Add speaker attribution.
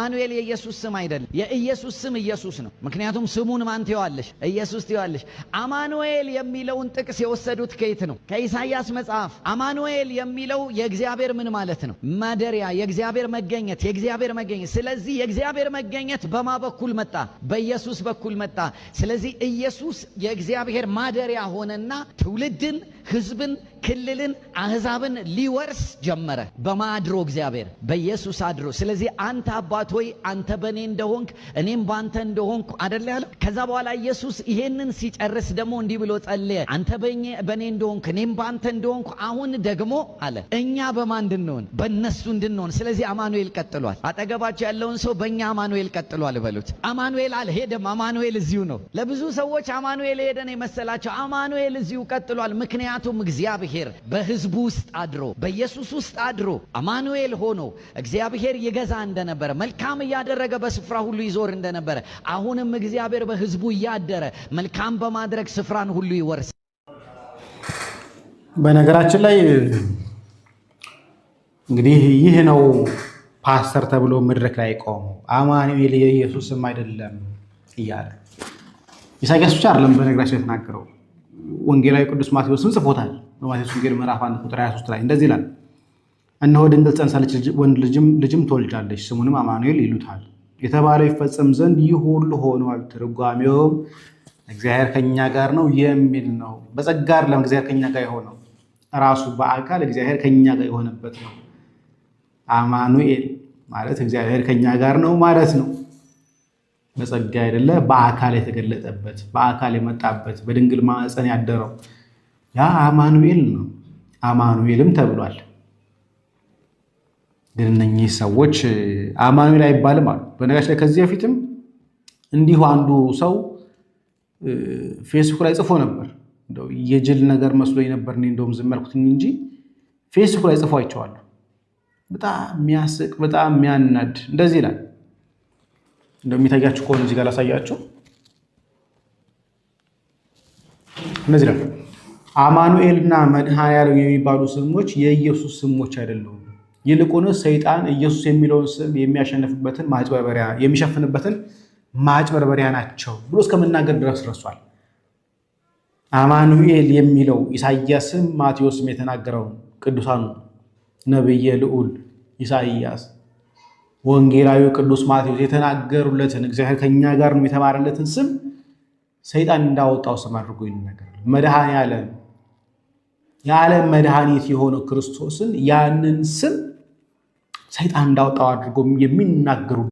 Speaker 1: አማኑኤል የኢየሱስ ስም አይደለም። የኢየሱስ ስም ኢየሱስ ነው። ምክንያቱም ስሙን ማን ትዋለሽ? ኢየሱስ ትዋለሽ። አማኑኤል የሚለውን ጥቅስ የወሰዱት ከየት ነው? ከኢሳይያስ መጽሐፍ። አማኑኤል የሚለው የእግዚአብሔር ምን ማለት ነው? ማደሪያ፣ የእግዚአብሔር መገኘት፣ የእግዚአብሔር መገኘት። ስለዚህ የእግዚአብሔር መገኘት በማ በኩል መጣ? በኢየሱስ በኩል መጣ። ስለዚህ ኢየሱስ የእግዚአብሔር ማደሪያ ሆነና ትውልድን፣ ህዝብን ክልልን አህዛብን ሊወርስ ጀመረ። በማድሮ እግዚአብሔር በኢየሱስ አድሮ። ስለዚህ አንተ አባት ሆይ አንተ በእኔ እንደሆንክ እኔም በአንተ እንደሆንኩ አደለ ያለው። ከዛ በኋላ ኢየሱስ ይሄንን ሲጨርስ ደግሞ እንዲህ ብሎ ጸለየ። አንተ በእኔ እንደሆንክ እኔም በአንተ እንደሆንኩ አሁን ደግሞ አለ እኛ በማ እንድንሆን በእነሱ እንድንሆን። ስለዚህ አማኑኤል ቀጥሏል። አጠገባቸው ያለውን ሰው በእኛ አማኑኤል ቀጥሏል በሉት። አማኑኤል አልሄደም። አማኑኤል እዚሁ ነው። ለብዙ ሰዎች አማኑኤል ሄደን የመሰላቸው አማኑኤል እዚሁ ቀጥሏል። ምክንያቱም እግዚአብሔር እግዚአብሔር በህዝቡ ውስጥ አድሮ በኢየሱስ ውስጥ አድሮ አማኑኤል ሆኖ እግዚአብሔር ይገዛ እንደነበረ መልካም እያደረገ በስፍራ ሁሉ ይዞር እንደነበረ አሁንም እግዚአብሔር በህዝቡ እያደረ መልካም በማድረግ ስፍራን ሁሉ ይወርሳል።
Speaker 2: በነገራችን ላይ እንግዲህ ይህ ነው ፓስተር ተብሎ መድረክ ላይ ቆሙ አማኑኤል የኢየሱስም አይደለም እያለ ኢሳያስ ብቻ አይደለም በነገራችን የተናገረው ወንጌላዊ ቅዱስ ማቴዎስም ጽፎታል። በማቴዎስ ወንጌል ምዕራፍ 1 ቁጥር 23 ላይ እንደዚህ ይላል፣ እነሆ ድንግል ጸንሳለች ወንድ ልጅም ትወልዳለች፣ ስሙንም አማኑኤል ይሉታል የተባለው ይፈጸም ዘንድ ይህ ሁሉ ሆኗል። ትርጓሜውም እግዚአብሔር ከኛ ጋር ነው የሚል ነው። በጸጋ አይደለም እግዚአብሔር ከኛ ጋር የሆነው ራሱ በአካል እግዚአብሔር ከኛ ጋር የሆነበት ነው። አማኑኤል ማለት እግዚአብሔር ከኛ ጋር ነው ማለት ነው። በጸጋ አይደለ በአካል የተገለጠበት በአካል የመጣበት በድንግል ማዕፀን ያደረው ያ አማኑኤል ነው። አማኑኤልም ተብሏል። ግን እነኚህ ሰዎች አማኑኤል አይባልም አሉ። በነጋች ላይ ከዚህ በፊትም እንዲሁ አንዱ ሰው ፌስቡክ ላይ ጽፎ ነበር። የጅል ነገር መስሎኝ ነበር እኔ እንደውም ዝም ያልኩትኝ እንጂ ፌስቡክ ላይ ጽፎ አይቼዋለሁ። በጣም የሚያስቅ በጣም የሚያናድ እንደዚህ ይላል። እንደሚታያችሁ ከሆነ እዚህ ጋር ላሳያችሁ። እንደዚህ አማኑኤል እና መድኃኔ የሚባሉ ስሞች የኢየሱስ ስሞች አይደሉም። ይልቁንስ ሰይጣን ኢየሱስ የሚለውን ስም የሚያሸንፍበትን ማጭበርበሪያ የሚሸፍንበትን ማጭበርበሪያ ናቸው ብሎ እስከመናገር ድረስ ረሷል። አማኑኤል የሚለው ኢሳያስም ማቴዎስም የተናገረው ቅዱሳኑ ነብየ ልዑል ኢሳይያስ ወንጌላዊ ቅዱስ ማቴዎስ የተናገሩለትን እግዚአብሔር ከኛ ጋር ነው የተማረለትን ስም ሰይጣን እንዳወጣው ስም አድርጎ ይነገራል። መድኃኔ የዓለም መድኃኒት የሆነው ክርስቶስን ያንን ስም ሰይጣን እንዳወጣው አድርጎ የሚናገሩ